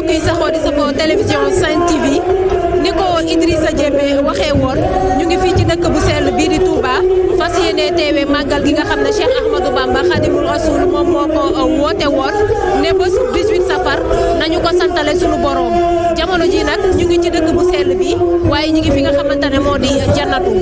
mbokk yi saxoo di safoo télévision Sen TV ni ko Idrissa waxee woon ñu ngi fii ci dëkk bu sell bii di Touba fas yéene teewee màggal gi nga xam ne Cheikh Ahmadou Bamba Khadimou Rassoul moom moo ko uh, woote woon ne bés 18 safar nañu ko santale sunu boroom jamono ji nag ñu ngi ci dëkk bu sell bi waaye ñu ngi fi nga xam xamante ne moo di jannatu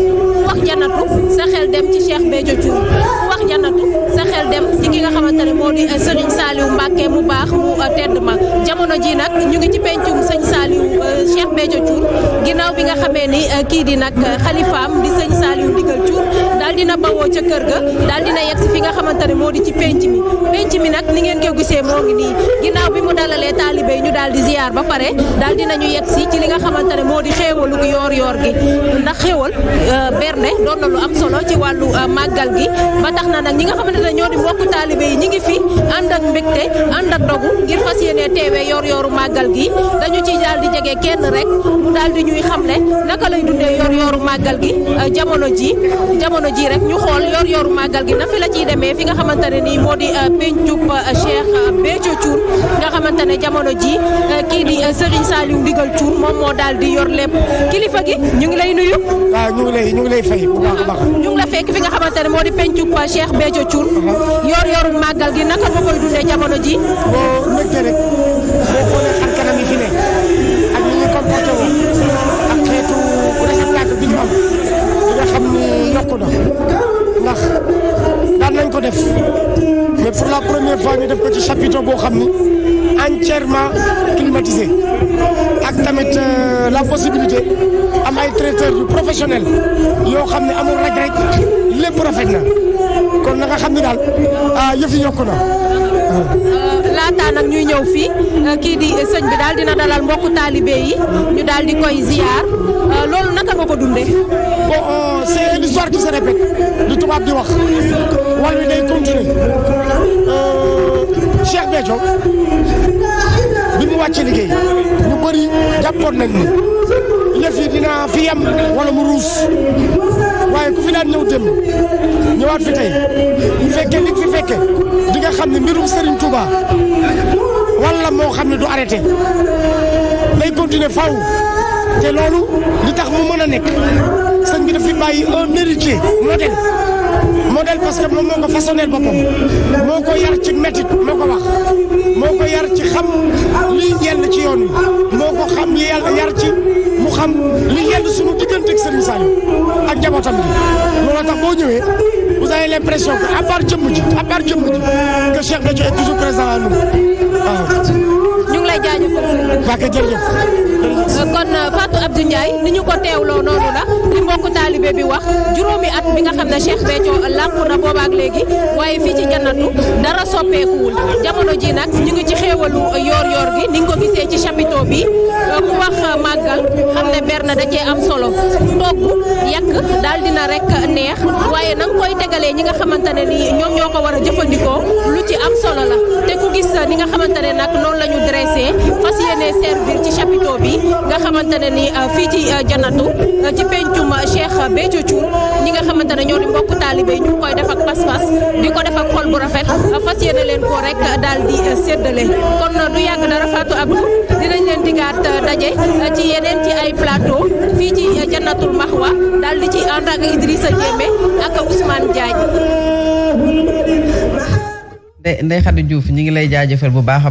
wax jannatu sa xel dem ci Cheikh mejo Thioune wax jannatu sa xel dem ci ki nga xamante ne moo di Serigne Saliou Mbacké mu baax mu uh, tedd ma jamono ji nag ñu ngi ci pencum sëñ Saliou euh, Cheikh Béthio Thioune ginnaaw bi nga xamee ni euh, kii di nag euh, xalifaam di sëñ Saliou Ndigal Thioune daal dina bawoo ca kër ga daal dina yegg fi nga xamante ne moo di ci penc mi mi nag ni ngeen ko gisee nii ginnaaw bi mu dalalee taalibe yi ñu daal di ziyaar ba pare daal dinañu yegg si ci li nga xamante ne moo di xéewalu yoor yoor gi ndax xéewal bernde doon na lu am solo ci wàllu màggal gi ba tax na nag ñi nga xamante ne ñoo di mbokku taalibe yi ñi ngi fi ànd ak mbégte ànd ak dogu ngir fas yéene teewe xewee yor yooru màggal gi dañu ci daal di jege kenn rek mu daal di ñuy xamle naka lay dundee yor yooru màggal gi euh, jamono ji jamono ji rek ñu xool yor yooru màggal gi na fi la ciy demee fi nga xamante ne nii moo di euh, pencub euh, Cheikh Béthio Thioune nga xamante jamono ji kii di Serigne Saliou Ndigal di yor lépp kilifa gi ñu ngi lay nuyu ñu ngi la fekk fi nga xamante ne uh-huh. màggal gi naka nga dundee jamono ji la première fois ñu def ko ci chapiteau boo xam ni entièrement climatisé ak tamit euh, la possibilité am ay traiteurs yu professionnels yoo xam ne amul rek rek lépp rafet na kon na nga xam ne daal ah, yëf yi yokku na. Euh, laata nag ñuy ñëw fii euh, kii di sëñ bi daal dina dalal mbokku taalibe yi ñu daal di koy ziar loolu naka nga ko dundee. bon c'est l'histoire qui se répète tubaab di wax wàllu day continuer. Cheikh Béthio bi mu wàcc liggéey ñu bëri jàppoon nañ ni yëf yi dinaa fi yem wala mu ruus waaye ku fi daan ñëw démb ñëwaat fi tey bu fekkee nit fi fekke di nga xam ne mbirum Serigne Touba wala moo xam ne du arrêté day continuer faw te loolu li tax mu mën a nekk sëñ bi daf fi bàyyi un héritier modèle modèle parce que moom moo ko façonné boppam moo ko yar ci métit moo ko wax moo ko yar ci xam li yell ci yoon wi moo ko xam li yàlla yar ci mu xam li yell suñu diggante ak Serigne Saliou ak njabootam gi loolu tax boo ñëwee vous avez l'impression que à part jëmm ji à part jëmm ji que Cheikh Béthio est ñu lay jaajëfal. waa kay jërëjëf. kon Fatou Abdou ni ñu ko teewloo noonu la. taalibe bi wax juróomi at bi nga xam ne Cheikh Béthio làqu na boobaak léegi waaye fii ci jannatu dara soppeekuwul jamono ji nag ñu ngi ci xéewalu yoor yoor gi ni nga ko gisee ci chapiteau bi ku wax màggal xam da cee am solo togg yàq daal dina rek waaye na nga koy ñi nga xamante ne ni ñoom ñoo ko war a jëfandikoo lu ci am solo la te ku nga xamante ne nag noonu la ñu dressé fas yéene servir ci chapiteau bi nga xamante ne ni fii ci jannatu ci pencum Cheikh Béthio Thioune ñi nga xamante ne ñoo di mbokk taalibe ñu ngi koy def ak pas-pas ko def xol bu rafet fas yéene leen ko rek daal di séddale kon du yàgg dara Fatou Abdou dinañ leen digaat daje ci yeneen ci ay plateau fii ci Jannatul Mahwa daal di ci ànd ak Idrissa Diémé ak Ousmane Diagne. Ndeye Khady Diouf ñu ngi lay jaajëfal bu baax.